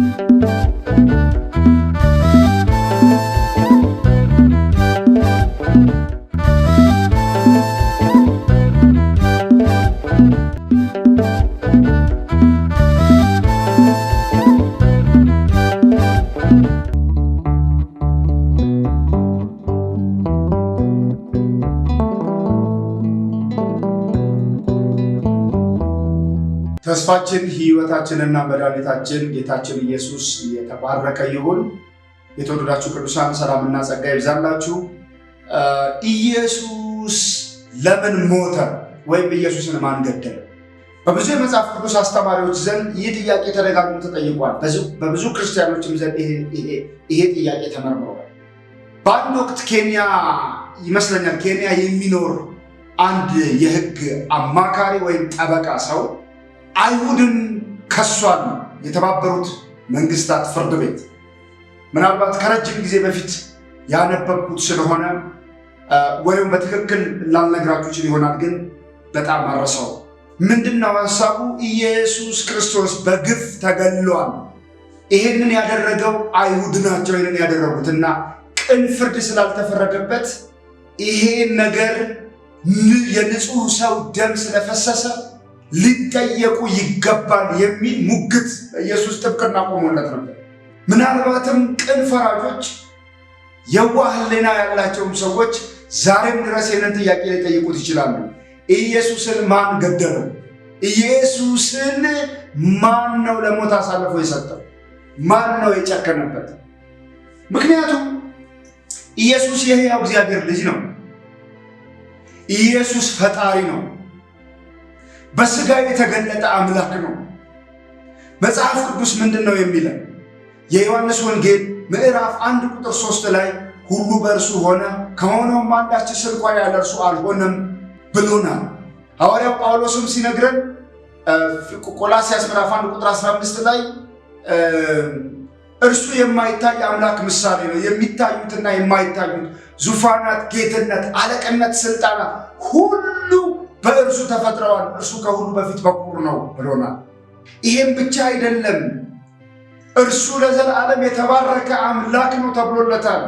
Thank you. ተስፋችን ህይወታችንና መድኃኒታችን ጌታችን ኢየሱስ የተባረከ ይሁን። የተወደዳችሁ ቅዱሳን ሰላምና ጸጋ ይብዛላችሁ። ኢየሱስ ለምን ሞተ ወይም ኢየሱስን ማን ገደለ? በብዙ የመጽሐፍ ቅዱስ አስተማሪዎች ዘንድ ይህ ጥያቄ ተደጋግሞ ተጠይቋል። በብዙ ክርስቲያኖችም ዘንድ ይሄ ጥያቄ ተመርምሯል። በአንድ ወቅት ኬንያ ይመስለኛል ኬንያ የሚኖር አንድ የህግ አማካሪ ወይም ጠበቃ ሰው አይሁድን ከሷል የተባበሩት መንግስታት ፍርድ ቤት። ምናልባት ከረጅም ጊዜ በፊት ያነበብኩት ስለሆነ ወይም በትክክል ላልነግራችሁ ይሆናል፣ ግን በጣም አረሰው። ምንድነው ሀሳቡ? ኢየሱስ ክርስቶስ በግፍ ተገሏል። ይሄንን ያደረገው አይሁድ ናቸው። ያደረጉት እና ቅን ፍርድ ስላልተፈረደበት ይሄ ነገር የንጹህ ሰው ደም ስለፈሰሰ ሊጠየቁ ይገባል የሚል ሙግት ኢየሱስ ጥብቅና ቆሞለት ነበር። ምናልባትም ቅን ፈራጆች፣ የዋህ ሕሊና ያላቸውም ሰዎች ዛሬም ድረስ ይህንን ጥያቄ ሊጠይቁት ይችላሉ። ኢየሱስን ማን ገደለው? ኢየሱስን ማን ነው ለሞት አሳልፎ የሰጠው? ማን ነው የጨከነበት? ምክንያቱም ኢየሱስ የሕያው እግዚአብሔር ልጅ ነው። ኢየሱስ ፈጣሪ ነው። በስጋ የተገለጠ አምላክ ነው። መጽሐፍ ቅዱስ ምንድን ነው የሚለን? የዮሐንስ ወንጌል ምዕራፍ አንድ ቁጥር ሶስት ላይ ሁሉ በእርሱ ሆነ ከሆነውም አንዳች ስንኳ ያለ እርሱ አልሆነም ብሎናል። ሐዋርያው ጳውሎስም ሲነግረን ቆላስያስ ምዕራፍ 1 ቁጥር 15 ላይ እርሱ የማይታይ አምላክ ምሳሌ ነው። የሚታዩትና የማይታዩት ዙፋናት፣ ጌትነት፣ አለቅነት፣ ስልጣናት ሁሉ በእርሱ ተፈጥረዋል፣ እርሱ ከሁሉ በፊት በኩር ነው ብሎናል። ይህም ብቻ አይደለም፣ እርሱ ለዘላለም የተባረከ አምላክ ነው ተብሎለታል።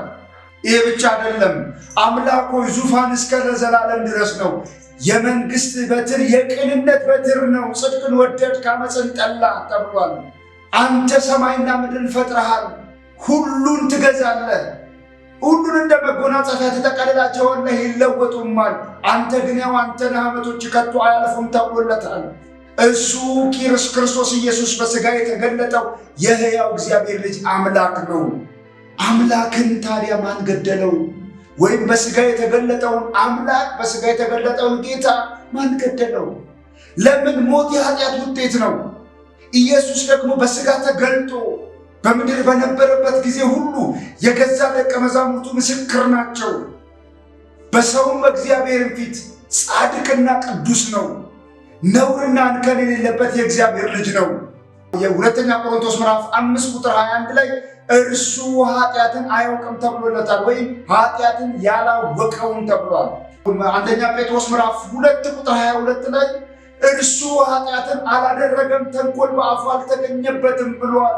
ይህ ብቻ አይደለም፣ አምላኩ ዙፋን እስከ ለዘላለም ድረስ ነው። የመንግስት በትር የቅንነት በትር ነው። ጽድቅን ወደድ ከመፅን ጠላ ተብሏል። አንተ ሰማይና ምድርን ፈጥረሃል፣ ሁሉን ትገዛለህ ሁሉን እንደ መጎናጸፊያ ትጠቀልላቸዋለህ፣ ይለወጡማል። አንተ ግን ያው አንተ ዓመቶች ከቶ አያልፉም ተብሎለታል። እሱ ክርስቶስ ኢየሱስ በሥጋ የተገለጠው የሕያው እግዚአብሔር ልጅ አምላክ ነው። አምላክን ታዲያ ማን ገደለው? ወይም በሥጋ የተገለጠውን አምላክ በሥጋ የተገለጠውን ጌታ ማን ገደለው? ለምን? ሞት የኃጢአት ውጤት ነው። ኢየሱስ ደግሞ በሥጋ ተገልጦ በምድር በነበረበት ጊዜ ሁሉ የገዛ ደቀ መዛሙርቱ ምስክር ናቸው። በሰውም በእግዚአብሔርም ፊት ጻድቅና ቅዱስ ነው፣ ነውርና እንከን የሌለበት የእግዚአብሔር ልጅ ነው። የሁለተኛ ቆሮንቶስ ምዕራፍ አምስት ቁጥር 21 ላይ እርሱ ኃጢአትን አያውቅም ተብሎለታል፣ ወይም ኃጢአትን ያላወቀውም ተብሏል። አንደኛ ጴጥሮስ ምዕራፍ ሁለት ቁጥር 22 ላይ እርሱ ኃጢአትን አላደረገም፣ ተንኮል በአፉ አልተገኘበትም ብሏል።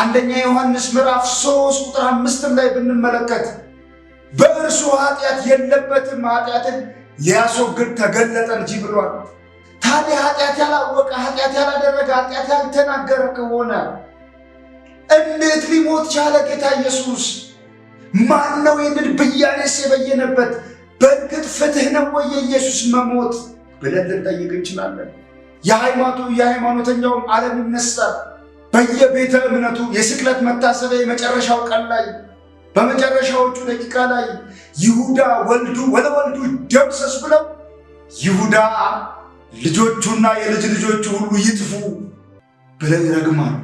አንደኛ ዮሐንስ ምዕራፍ 3 ቁጥር አምስትም ላይ ብንመለከት በእርሱ ኃጢአት የለበትም ኃጢአትን ሊያስወግድ ተገለጠ እንጂ ብሏል። ታዲያ ኃጢአት ያላወቀ ኃጢአት ያላደረገ ኃጢአት ያልተናገረ ከሆነ እንዴት ሊሞት ቻለ? ጌታ ኢየሱስ ማን ነው ይህንን ብያኔስ የበየነበት? በእርግጥ ፍትህ ነው ወይ የኢየሱስ መሞት ብለን ልንጠይቅ እንችላለን። የሃይማኖቱ የሃይማኖተኛውም ዓለም ይነሳል። በየቤተ እምነቱ የስቅለት መታሰቢያ የመጨረሻው ቀን ላይ በመጨረሻዎቹ ደቂቃ ላይ ይሁዳ ወልዱ ወልዱ ደምሰስ ብለው ይሁዳ ልጆቹና የልጅ ልጆቹ ሁሉ ይጥፉ ብለው ይረግማሉ።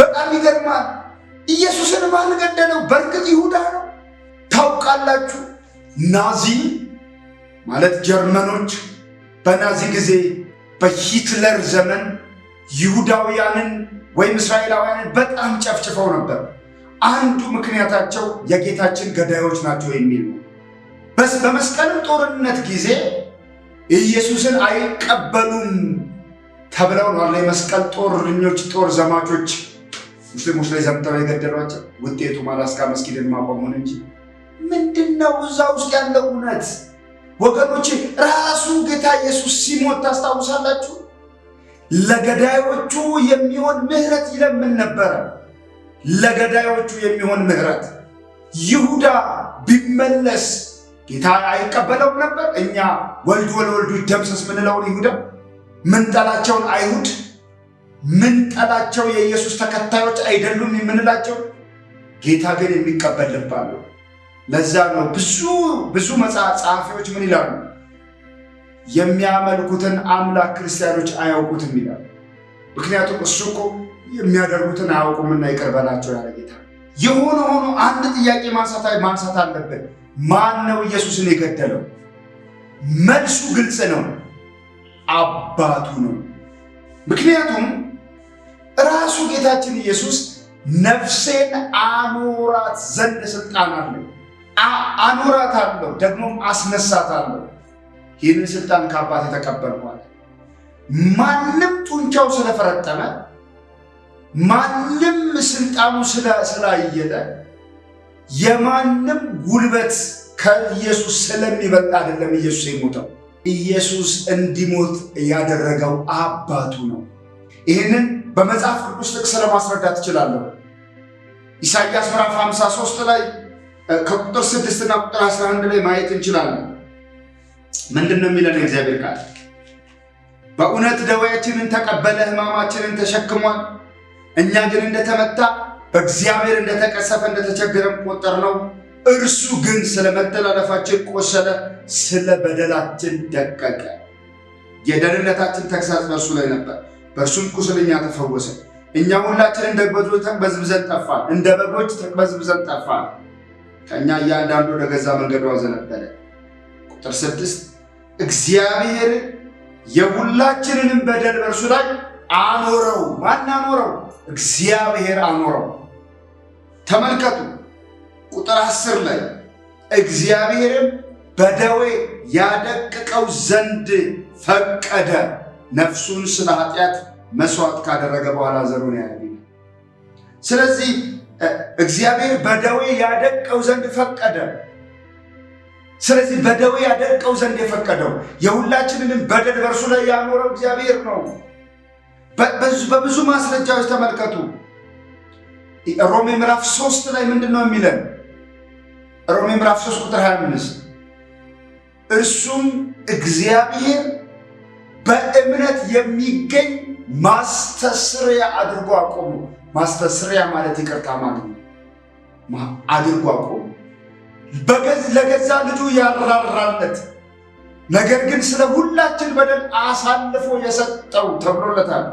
በጣም ይገርማል። ኢየሱስን ማን ገደለው? በእርግጥ ይሁዳ ነው። ታውቃላችሁ፣ ናዚ ማለት ጀርመኖች በናዚ ጊዜ በሂትለር ዘመን ይሁዳውያንን ወይም እስራኤላውያንን በጣም ጨፍጭፈው ነበር። አንዱ ምክንያታቸው የጌታችን ገዳዮች ናቸው የሚል ነው። በመስቀል ጦርነት ጊዜ ኢየሱስን አይቀበሉም ተብለው ነው አለ የመስቀል ጦርኞች ጦር ዘማቾች ሙስሊሞች ላይ ዘምተው የገደሏቸው። ውጤቱ አላስካ መስጊድን ማቆሙን እንጂ ምንድን ነው እዛ ውስጥ ያለው እውነት? ወገኖች ራሱ ጌታ ኢየሱስ ሲሞት ታስታውሳላችሁ? ለገዳዮቹ የሚሆን ምህረት ይለምን ነበረ። ለገዳዮቹ የሚሆን ምህረት ይሁዳ ቢመለስ ጌታ አይቀበለውም ነበር። እኛ ወልድ ወለወልዱ ይደምሰስ ምንለውን ይሁዳ ምንጠላቸውን አይሁድ ምንጠላቸው የኢየሱስ ተከታዮች አይደሉም የምንላቸው ጌታ ግን የሚቀበል ልባሉ። ለዛ ነው ብዙ ብዙ መጽሐፍ ጸሐፊዎች ምን ይላሉ የሚያመልኩትን አምላክ ክርስቲያኖች አያውቁትም ይላል። ምክንያቱም እሱ እኮ የሚያደርጉትን አያውቁምና ይቅር በላቸው ያለ ጌታ። የሆነ ሆኖ አንድ ጥያቄ ማንሳት አለብን። ማን ነው ኢየሱስን የገደለው? መልሱ ግልጽ ነው፣ አባቱ ነው። ምክንያቱም ራሱ ጌታችን ኢየሱስ ነፍሴን አኖራት ዘንድ ስልጣን አለው፣ አኖራት አለው፣ ደግሞም አስነሳት አለው። ይህንን ስልጣን ከአባት የተቀበልኳል። ማንም ጡንቻው ስለፈረጠመ፣ ማንም ስልጣኑ ስላየለ፣ የማንም ጉልበት ከኢየሱስ ስለሚበልጥ አይደለም ኢየሱስ የሞተው። ኢየሱስ እንዲሞት ያደረገው አባቱ ነው። ይህንን በመጽሐፍ ቅዱስ ጥቅስ ለማስረዳት እችላለሁ። ኢሳይያስ ምዕራፍ 53 ላይ ከቁጥር 6 እና ቁጥር 11 ላይ ማየት እንችላለን። ምንድን ነው የሚለን እግዚአብሔር ቃል? በእውነት ደዌያችንን ተቀበለ፣ ሕማማችንን ተሸክሟል። እኛ ግን እንደተመታ በእግዚአብሔር እንደተቀሰፈ እንደተቸገረም ቆጠር ነው። እርሱ ግን ስለ መተላለፋችን ቆሰለ፣ ስለ በደላችን ደቀቀ። የደህንነታችን ተግሳጽ በእርሱ ላይ ነበር፣ በእርሱም ቁስል እኛ ተፈወሰ። እኛ ሁላችን እንደ በጎች ተቅበዝብዘን ጠፋን፣ እንደ በጎች ተቅበዝብዘን ጠፋን። ከእኛ እያንዳንዱ ወደ ገዛ መንገዱ አዘነበለ። ቁጥር ስድስት እግዚአብሔር የሁላችንንም በደል በእርሱ ላይ አኖረው። ማን አኖረው? እግዚአብሔር አኖረው። ተመልከቱ ቁጥር አስር ላይ እግዚአብሔርም በደዌ ያደቅቀው ዘንድ ፈቀደ፣ ነፍሱን ስለ ኃጢአት መስዋዕት ካደረገ በኋላ ዘሩን ያያል። ስለዚህ እግዚአብሔር በደዌ ያደቅቀው ዘንድ ፈቀደ። ስለዚህ በደዌ ያደርቀው ዘንድ የፈቀደው የሁላችንንም በደል በእርሱ ላይ ያኖረው እግዚአብሔር ነው። በብዙ ማስረጃዎች ተመልከቱ። ሮሜ ምዕራፍ ሶስት ላይ ምንድን ነው የሚለን? ሮሜ ምዕራፍ 3 ቁጥር 25 እርሱም እግዚአብሔር በእምነት የሚገኝ ማስተስሪያ አድርጎ አቆሙ። ማስተስሪያ ማለት ይቅርታ ማለት አድርጎ አቆሙ። ለገዛ ልጁ ያራራለት ነገር ግን ስለ ሁላችን በደል አሳልፎ የሰጠው ተብሎለታል።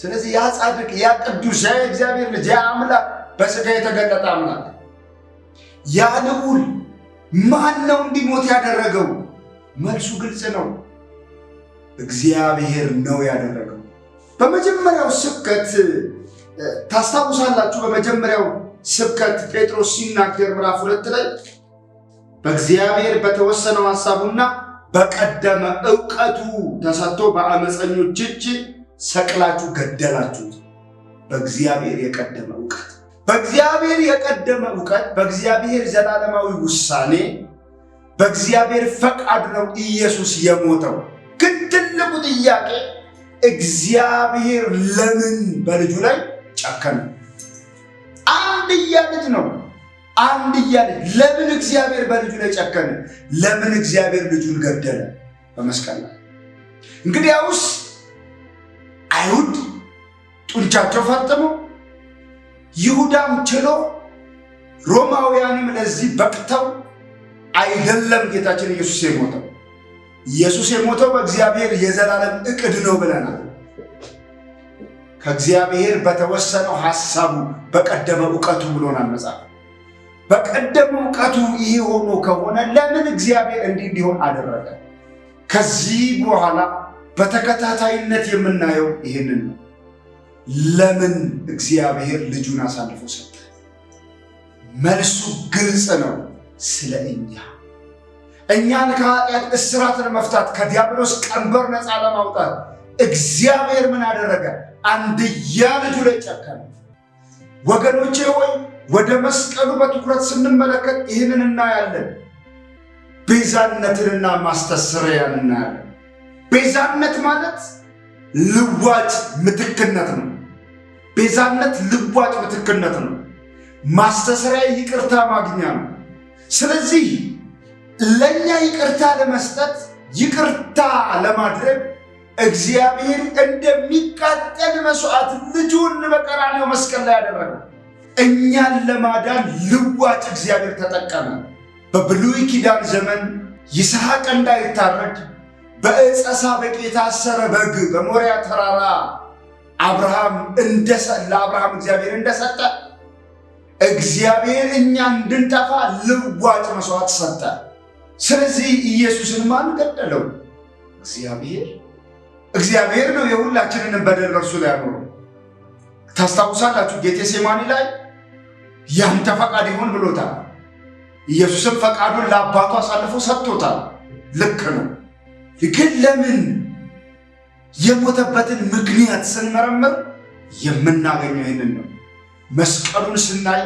ስለዚህ ያ ጻድቅ፣ ያ ቅዱስ፣ ያ እግዚአብሔር ልጅ፣ ያ አምላክ በስጋ የተገለጠ አምላክ፣ ያ ልዑል ማን ነው እንዲሞት ያደረገው? መልሱ ግልጽ ነው። እግዚአብሔር ነው ያደረገው። በመጀመሪያው ስብከት ታስታውሳላችሁ። በመጀመሪያው ስብከት ጴጥሮስ ሲናገር ምዕራፍ ሁለት ላይ በእግዚአብሔር በተወሰነው ሀሳቡና በቀደመ እውቀቱ ተሰጥቶ በአመፀኞች እጅ ሰቅላችሁ ገደላችሁት። በእግዚአብሔር የቀደመ እውቀት በእግዚአብሔር የቀደመ እውቀት በእግዚአብሔር ዘላለማዊ ውሳኔ በእግዚአብሔር ፈቃድ ነው ኢየሱስ የሞተው። ግን ትልቁ ጥያቄ እግዚአብሔር ለምን በልጁ ላይ ጨከነ? አንድያ ልጅ ነው። አንድያ ልጅ። ለምን እግዚአብሔር በልጁ ላይ ጨከነ? ለምን እግዚአብሔር ልጁን ገደለ በመስቀል ላይ? እንግዲያውስ አይሁድ ጡንቻቸው ፈጥመው፣ ይሁዳም ችሎ፣ ሮማውያንም ለዚህ በቅተው አይደለም ጌታችን ኢየሱስ የሞተው ኢየሱስ የሞተው በእግዚአብሔር የዘላለም እቅድ ነው ብለናል። ከእግዚአብሔር በተወሰነው ሐሳቡ በቀደመ እውቀቱ ብሎናል መጽሐፍ። በቀደመ እውቀቱ ይህ ሆኖ ከሆነ ለምን እግዚአብሔር እንዲህ እንዲሆን አደረገ? ከዚህ በኋላ በተከታታይነት የምናየው ይህንን ነው። ለምን እግዚአብሔር ልጁን አሳልፎ ሰጠ? መልሱ ግልጽ ነው። ስለ እኛ እኛን ከኃጢአት እስራትን መፍታት ከዲያብሎስ ቀንበር ነፃ ለማውጣት እግዚአብሔር ምን አደረገ? አንድያ ልጁ ላይ ጨከነ። ወገኖቼ ሆይ ወደ መስቀሉ በትኩረት ስንመለከት ይህንን እናያለን። ቤዛነትንና ማስተስረያን እናያለን። ቤዛነት ማለት ልዋጭ ምትክነት ነው። ቤዛነት ልዋጭ ምትክነት ነው። ማስተሰሪያ ይቅርታ ማግኛ ነው። ስለዚህ ለእኛ ይቅርታ ለመስጠት ይቅርታ ለማድረግ እግዚአብሔር እንደሚቃጠል መስዋዕት ልጁን በቀራንዮ መስቀል ላይ ያደረገው እኛን ለማዳን ልዋጭ እግዚአብሔር ተጠቀመ። በብሉይ ኪዳን ዘመን ይስሐቅ እንዳይታረድ በዕፀ ሳቤቅ የታሰረ በግ በሞሪያ ተራራ አብርሃም ለአብርሃም እግዚአብሔር እንደሰጠ እግዚአብሔር እኛ እንድንጠፋ ልዋጭ መስዋዕት ሰጠ። ስለዚህ ኢየሱስን ማን ገደለው? እግዚአብሔር እግዚአብሔር ነው የሁላችንንም በደል በእርሱ ላይ ያኖረው። ታስታውሳላችሁ፣ ጌቴሴማኒ ላይ ያንተ ፈቃድ ይሁን ብሎታል። ኢየሱስም ፈቃዱን ለአባቱ አሳልፎ ሰጥቶታል። ልክ ነው። ግን ለምን የሞተበትን ምክንያት ስንመረምር የምናገኘው ይህንን ነው። መስቀሉን ስናይ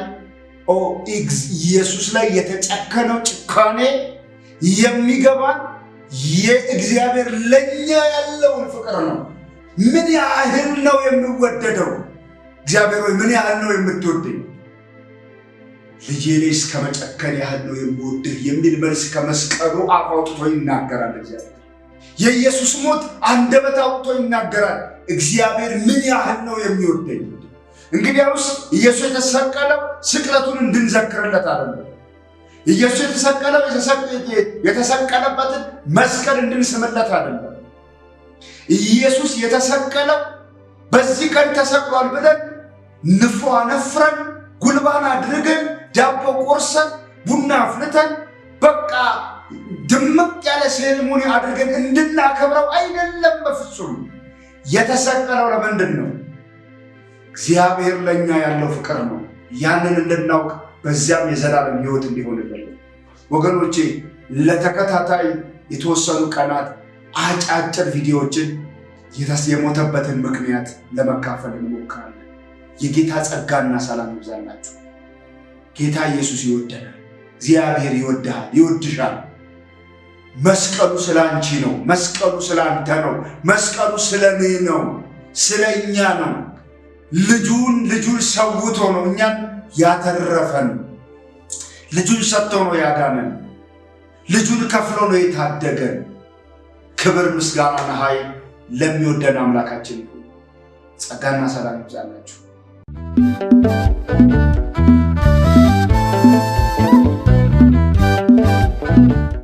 ኢየሱስ ላይ የተጨከነው ጭካኔ የሚገባን የእግዚአብሔር ለኛ ያለውን ፍቅር ነው። ምን ያህል ነው የምወደደው? እግዚአብሔር ሆይ ምን ያህል ነው የምትወደኝ? ልጄ ላይ እስከ መጨከን ያህል ነው የምወድህ የሚል መልስ ከመስቀሉ አፍ አውጥቶ ይናገራል። እግዚአብሔር የኢየሱስ ሞት አንደበት አውጥቶ ይናገራል። እግዚአብሔር ምን ያህል ነው የሚወደኝ? እንግዲያውስ ኢየሱስ የተሰቀለው ስቅለቱን እንድንዘክርለት አይደለም ኢየሱስ የተሰቀለው የተሰቀለበትን መስቀል እንድንስምለት አይደለም። ኢየሱስ የተሰቀለው በዚህ ቀን ተሰቅሏል ብለን ንፍሮ አነፍረን ጉልባን አድርገን ዳቦ ቆርሰን ቡና አፍልተን በቃ ድምቅ ያለ ሴሪሞኒ አድርገን እንድናከብረው አይደለም። በፍጹም የተሰቀለው ለምንድን ነው? እግዚአብሔር ለእኛ ያለው ፍቅር ነው። ያንን እንድናውቅ በዚያም የዘላለም ህይወት እንዲሆንለት ወገኖቼ ለተከታታይ የተወሰኑ ቀናት አጫጭር ቪዲዮዎችን የሞተበትን ምክንያት ለመካፈል እንሞክራለን። የጌታ ጸጋና ሰላም ይብዛላችሁ። ጌታ ኢየሱስ ይወደናል። እግዚአብሔር ይወድሃል፣ ይወድሻል። መስቀሉ ስለ አንቺ ነው። መስቀሉ ስለ አንተ ነው። መስቀሉ ስለ እኔ ነው፣ ስለ እኛ ነው። ልጁን ልጁን ሰውቶ ነው እኛን ያተረፈን። ልጁን ሰጥቶ ነው ያዳነን። ልጁን ከፍሎ ነው የታደገን። ክብር ምስጋናና ኃይል ለሚወደን አምላካችን ጸጋና ሰላም ይብዛላችሁ።